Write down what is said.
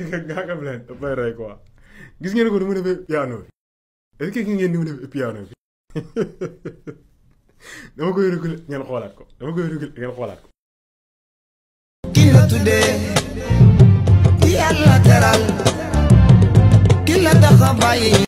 Ngaaka Blinde daf lay rey quoi gis ngeen ko ni mu defee piano bi est-ce que ngeen ni mu defee piano bi dama koy reculer ngeen xoolaat ko dama koy reculer ngeen xoolaat ko. ki la tuddee ki yàlla teral ki la tax a bàyyi